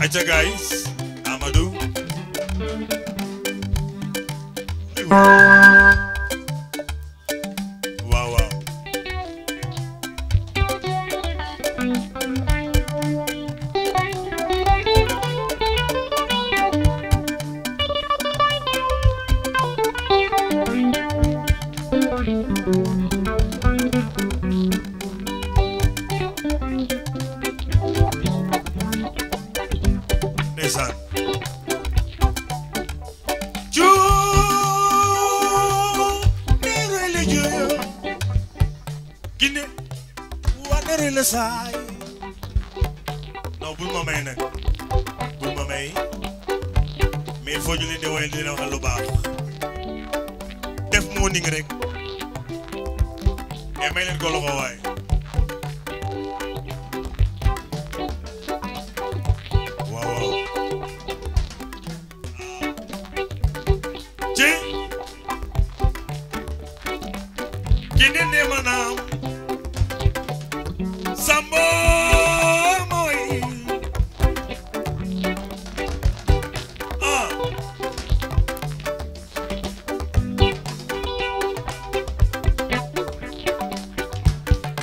Acha guys, Amadou. la bul ma may nag bul ma may mais il faut ñu leen di woy lu baax def morning rek mais may leen ko loxo waaye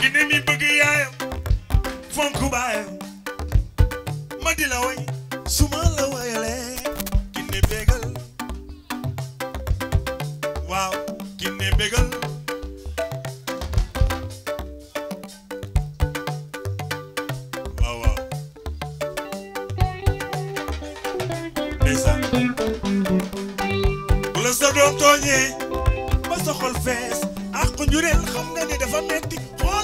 gine mi bëgg yaayam fonk baayam ma di la way su ma la wayalee gine bégal waaw gine bégal waaw waaw ndeysaan bu la sa doom tooñee ba sa xol fees ak njureel xam nga ne dafa metti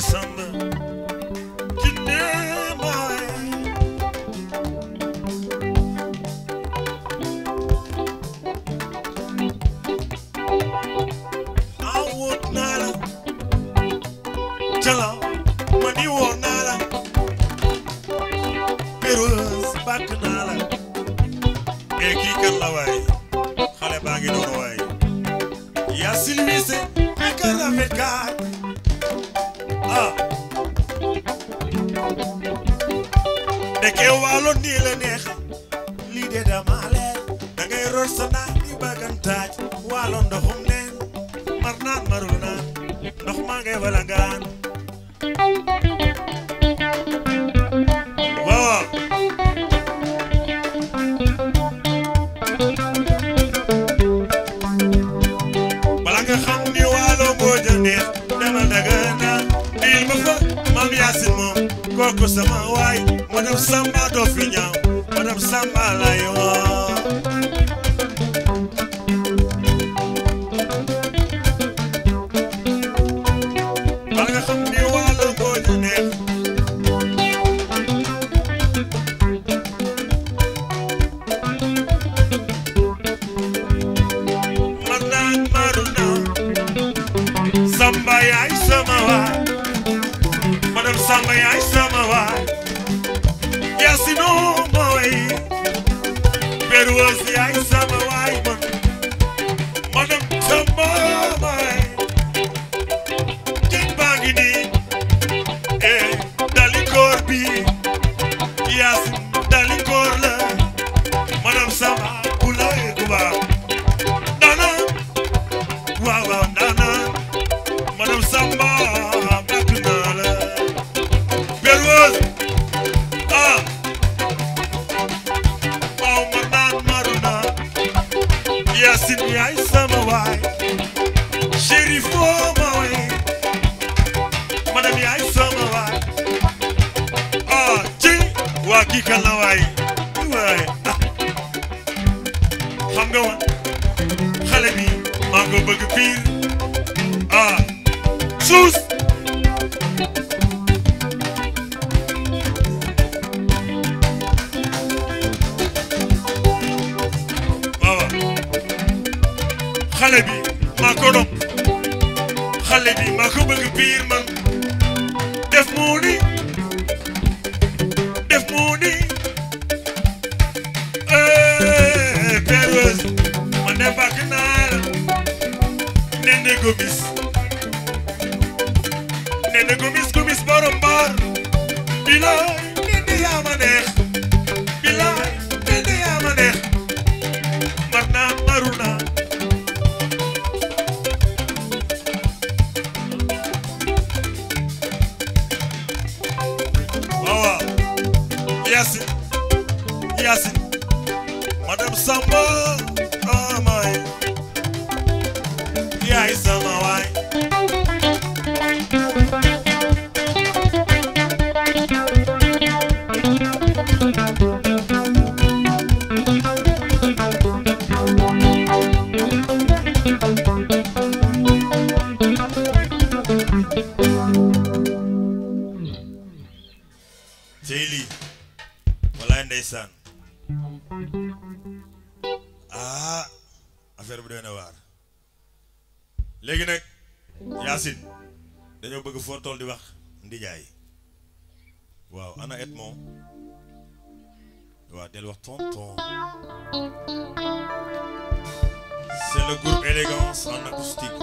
december Silvise, I got a red card. ndeke waalo nii neexa lii de dama leer dangay root sa naan di bagantaaj waalo ndoxum neen mar naan marul naan ndox maa Moko sama wai, madam samba do finya, madam samba la yo. Samba, I samba, madam samba, I serveuse ah waaw ma naan maruna Yacine yaay sama waay chéri foo ma way madame yaay sama waay ah ci waa kii kan la waay waay xam nga woon xale bi maa ngi ko bëgg piir ah suus xale bi maa ko nopp xale bi maa ko bëgg biir man def mu ni def mu ni eh, Perweuz ma ne bàkk naa la Néné Gomis Néné Gomis Gomis borom mbaar bi la Yasin, Yasin, Madame Samba. ah affaire bi doy na waar léegi nag Yacine dañoo bëgg fo tool di wax ndijay waaw ana Edmond waaw del wax tonton c'est le groupe élégance en acoustique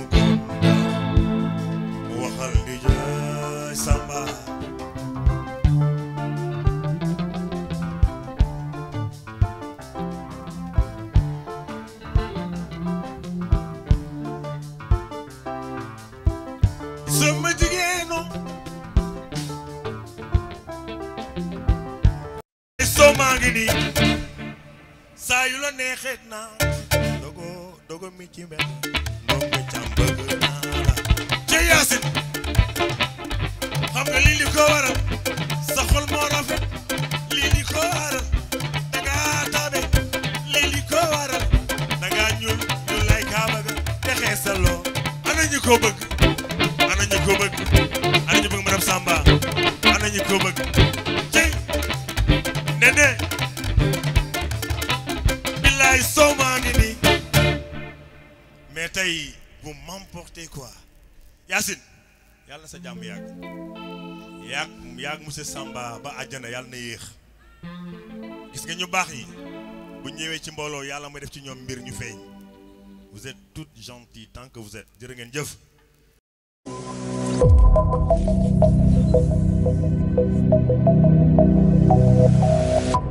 Hallelujah, Samba. Samba Digeno. So Dogo dogo mi ci dogo Mo mi chambeug na. Jayasin. ko waral sa xol moo rafet lii li ko waral da ñuul ñuul lay kaaba ga te xeesaloo ana ñu ko bëgg ana ñu ko bëgg ana ñu bëgg madame Samba ana ñu ko bëgg cey nene billaay soomaa ngi nii mais tey vous m'emportez quoi Yacine yàlla sa jàmm yàgg yaag yaag monsieur Samba ba àjjana yàlla na yéex gis nga ñu baax yi bu ñëwee ci mbooloo yàlla may def ci ñoom mbir ñu feeñ vous êtes toutes gentilles tant que vous êtes jërë ngeen jëf